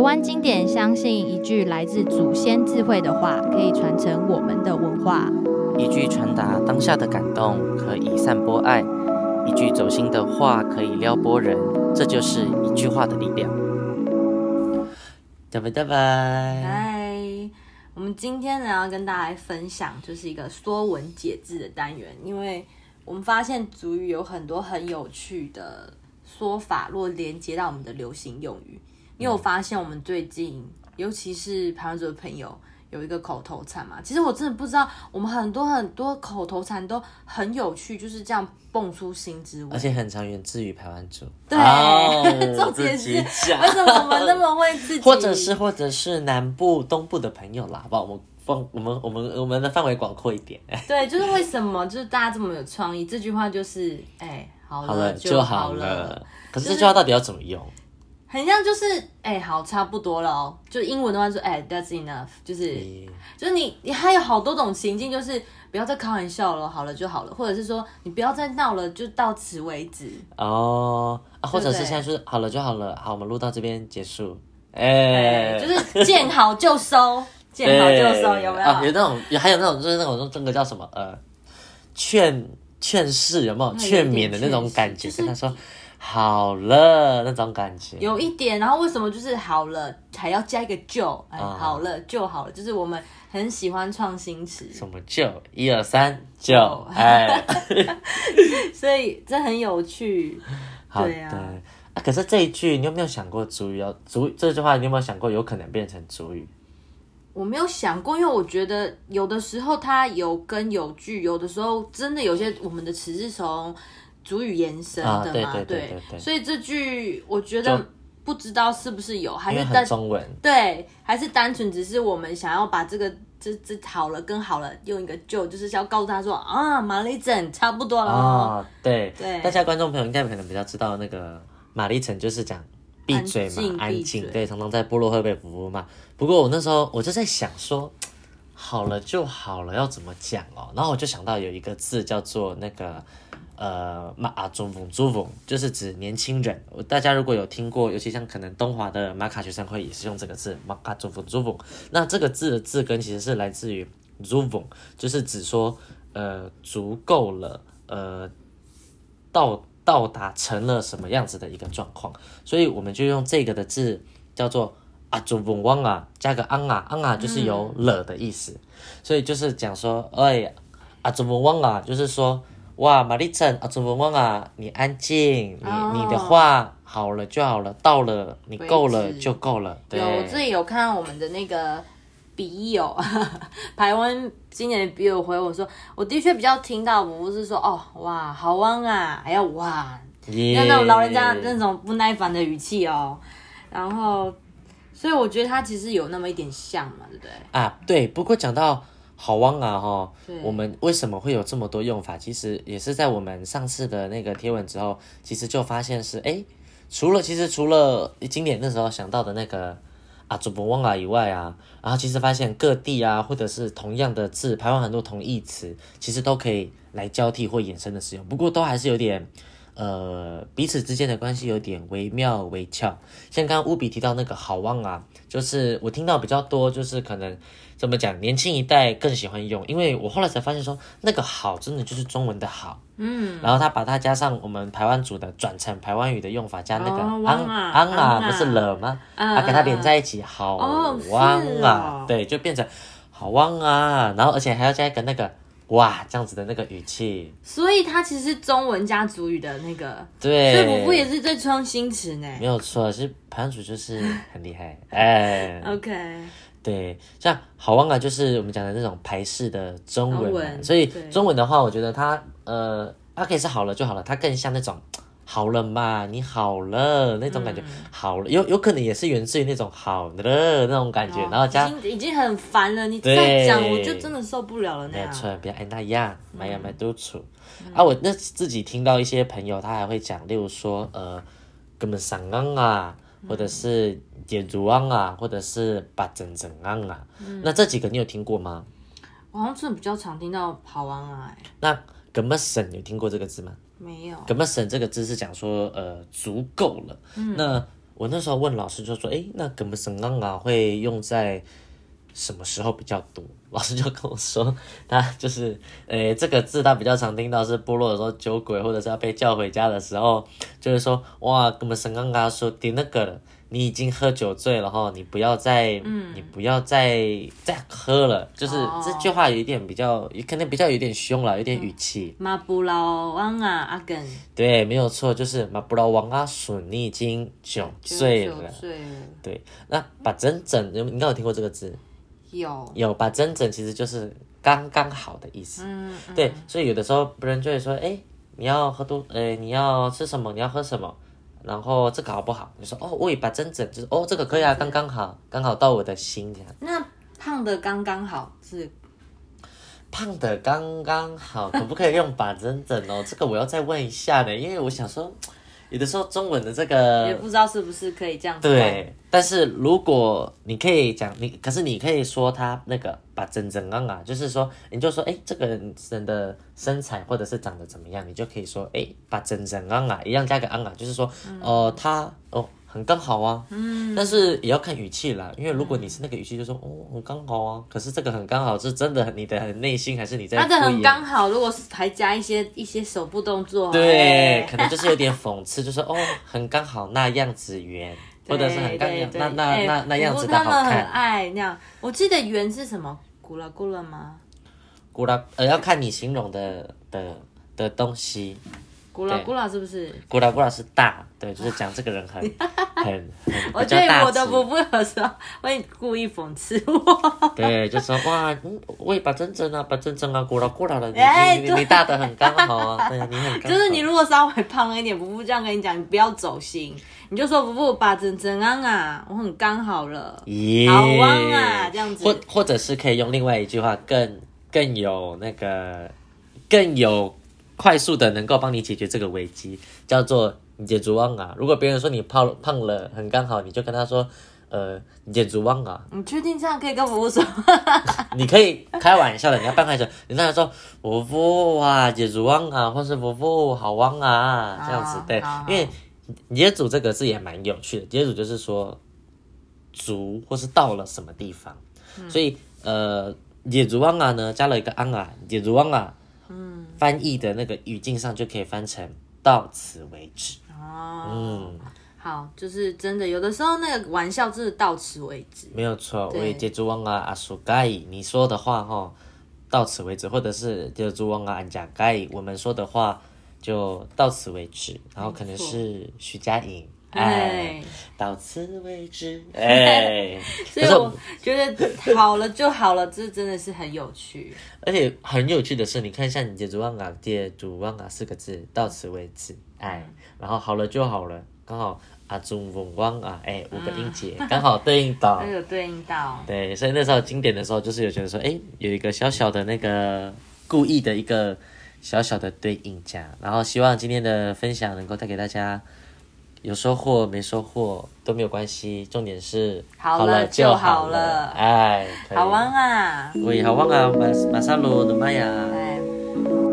排灣經典相信一句來自祖先智慧的話，可以傳承我們的文化。一句傳達當下的感動，可以散播愛；一句走心的話，可以撩撥人。這就是一句話的力量。拜拜！嗨，我們今天呢要跟大家來分享，就是一個說文解字的單元，因為我們發現族語有很多很有趣的說法，若連接到我們的流行用語。因為我發現我們最近，尤其是排灣族的朋友，有一個口頭禪嘛。其實我真的不知道，我們很多很多口頭禪都很有趣，就是這樣蹦出新知。而且很常源自於排灣族。對，重點是為什麼我們那麼會自己。或者是或者是南部、東部的朋友啦，好，我們放我們我們我們的範圍廣闊一點。對，就是為什麼就是大家這麼有創意？這句話就是，哎、欸，好了，好了就好了。好了可是這句話到底要怎麼用？就是很像就是，哎、欸，好，差不多了哦。就英文的話說，哎、欸，that's enough，就是，Yeah. 就是你，你還有好多種情境，就是不要再開玩笑了，好了就好了，或者是說你不要再鬧了，就到此為止哦、oh, 啊。或者是現在就是好了就好了，好，我們錄到這邊結束，哎，就是見好就收， 見好就收，有沒有？欸啊、有那種，有還有那種，就是那種，那個叫什麼？呃，勸勸世有沒有？勸勉的那種感覺，跟、就是、他說。好了，那種感覺有一點。然後為什麼就是好了，還要加一個就？哎、嗯，嗯、好了，就好了，就是我們很喜歡創新詞。什麼就？一二三，就哎。唉 所以這很有趣。的對啊，啊。可是這一句，你有沒有想過主語？主語這句話，你有沒有想過有可能變成主語？我沒有想過，因為我覺得有的時候它有根有據，有的時候真的有些我們的詞是從。主語延伸的嘛、啊，對對對，對，所以這句我覺得不知道是不是有，還是中文？對，還是單純只是我們想要把這個這這好了跟好了，用一個就，就是想要告訴他說，啊，瑪麗珍差不多了哦、啊，對對，大家觀眾朋友應該可能比較知道那個瑪麗珍，就是講閉嘴嘛，安靜對，常常在部落會被服務嘛。不過我那時候我就在想說，好了就好了，要怎麼講哦？然後我就想到有一個字叫做那個。呃，馬啊，中風足風，就是指年輕人。大家如果有聽過，尤其像可能東華的馬卡學生會也是用這個字，馬卡中風足風。那這個字的字根其實是來自於足風，就是指說，呃，足夠了，呃，到到達成了什麼樣子的一個狀況，所以我們就用這個的字叫做啊中風汪啊，加個昂啊昂啊，就是有了的意思。所以就是講說，哎呀，啊中風汪啊，就是說。哇，瑪麗珍，啊，祖文翁啊，你安靜，你你的話、哦、好了就好了，到了你夠了就夠了。子對有我自己有看我們的那個筆友，排灣今年筆友回我說，我的確比較聽到不是說哦，哇，好翁啊，哎呀，哇，有 Yeah, 那種老人家那種不耐煩的語氣哦，然後，所以我覺得他其實有那麼一點像嘛，對不對？啊，對，不過講到。好旺啊哈！是我們為什麼會有這麼多用法？其實也是在我們上次的那個貼文之後，其實就發現是哎、欸，除了其實除了經典那時候想到的那個啊主播旺啊以外啊，然後其實發現各地啊或者是同樣的字，排灣很多同義詞其實都可以來交替或衍生的使用，不過都還是有點。呃，彼此之間的關係有點微妙微俏，像剛剛 vuvu 提到那個好旺啊，就是我聽到比較多，就是可能怎麼講，年輕一代更喜歡用，因為我後來才發現說，那個好真的就是中文的好，嗯，然後他把它加上我們排灣族的轉成排灣語的用法，加那個安、哦、啊安啊，啊不是了嗎？呃、啊，給它連在一起，好旺啊，哦哦、對，就變成好旺啊，然後而且還要加一個那個。哇，這樣子的那個語氣，所以它其實是中文加族語的那個，對，所以我不也是在創新詞呢？沒有錯，其實盤主就是很厲害，哎，OK，對，像好忘啊，就是我們講的那種排式的中文，文所以中文的話，我覺得它對呃它可以是好了就好了，它更像那種。好了嘛，你好了那種感覺，好了有有可能也是源自於那種好了那種感覺，然後加已經已經很煩了，你再講我就真的受不了了那樣，沒錯，別愛那樣，沒呀，沒多促。啊。我那自己聽到一些朋友他還會講，例如說呃根本上岸啊，或者是點豬啊，或者是八整整昂啊，那這幾個你有聽過嗎？我好像真的比較常聽到跑昂啊。那根本上有聽過這個字嗎？沒有，gambasen 這個字是講說，呃，足夠了。嗯、那我那時候問老師就說，誒那 gambasenangga 會用在什麼時候比較多？老師就跟我說，他就是，誒這個字他比較常聽到是部落的時候，酒鬼或者是要被叫回家的時候，就是說，哇 gambasenangga 說的那個。你已經喝酒醉了哈，你不要再，嗯、你不要再再喝了。就是這句話有一點比較，可能比較有點兇了，有點語氣。嗯、馬不老王啊阿根，啊、對，沒有錯，就是馬不老王啊叔，你已經酒醉了。酒醉了。對，那把整整，嗯、你你有聽過這個字？有。有，把整整其實就是剛剛好的意思。嗯嗯、對，所以有的時候別人就會說，哎，你要喝多，哎，你要吃什麼？你要喝什麼？然後這個好不好？你說哦，我也把針整，就是哦，這個可以啊，是剛剛好，剛好到我的心這樣。那胖的剛剛好是胖的剛剛好，可不可以用把針整哦？ 這個我要再問一下呢，因為我想說。有的時候，說中文的這個也不知道是不是可以這樣子。對，但是如果你可以講，你可是你可以說他那個把整整昂啊，就是說你就說哎、欸，這個人的身材或者是長得怎麼樣，你就可以說哎，把整整昂啊一樣加個昂、嗯、啊，就是說哦、呃嗯、他哦。很剛好啊，嗯，但是也要看語氣啦，因為如果你是那個語氣，就說、嗯、哦很剛好啊，可是這個很剛好是真的你的內心還是你在敷衍它的很剛好，如果是還加一些一些手部動作、啊，對，欸、可能就是有點諷刺， 就是哦很剛好那樣子圓，對或者是很剛好那那那、欸、那樣子的好看。愛那樣，我記得圓是什麼？古啦古啦嗎？古啦呃要看你形容的的的東西。古老古老是不是？古老古老是大，對，就是講這個人很 很，很我覺得我的 vuvu 有時候會故意諷刺我。對，就說哇，嗯，我八真真啊，八真真啊，古老古老的，你你、欸、你大的很剛好啊， 對，你很剛好。就是你如果稍微胖了一點，vuvu 這樣跟你講，你不要走心，你就說 vuvu 八真真啊，我很剛好了，Yeah 好旺啊，這樣子。或或者是可以用另外一句話，更更有那個更有。快速的能夠幫你解決這個危機，叫做解主旺啊！如果別人說你胖胖了很剛好，你就跟他說：“呃，解主旺啊！”你確定這樣可以跟 vuvu 說？ 你可以開玩笑的，你要半開玩笑，你那樣說：“vuvu 啊，解、啊、主旺啊，或是 vuvu 好旺啊，這樣子對。啊”因為“業、啊、主”這個字也蠻有趣的，“解主”就是說足或是到了什麼地方，嗯、所以呃，“業主旺啊呢”呢加了一個“安啊”，“業主旺啊”。翻譯的那個語境上就可以翻成“到此為止”啊。哦，嗯，好，就是真的，有的時候那個玩笑就是“到此為止”。沒有錯，對，我也接珠旺啊，阿蘇蓋，你說的話哈，到此為止，或者是接珠旺啊，安加蓋，我們說的話就到此為止，然後可能是徐佳瑩。哎，到此為止。哎， 所以我覺得好了就好了， 這真的是很有趣。而且很有趣的是，你看一下你“借主旺啊”“借主旺啊”四個字，到此為止。哎，然後好了就好了，剛好啊“中文旺啊”哎五個音節，嗯、剛好對應到， 有對應到。對，所以那時候經典的時候，就是有覺得說，哎，有一個小小的那個故意的一個小小的對應下，然後希望今天的分享能夠帶給大家。有收穫沒收穫都沒有關係，重點是好了，好了就好了。好了哎，好旺啊！嗯、喂，好旺啊！馬馬薩羅的媽呀！嗯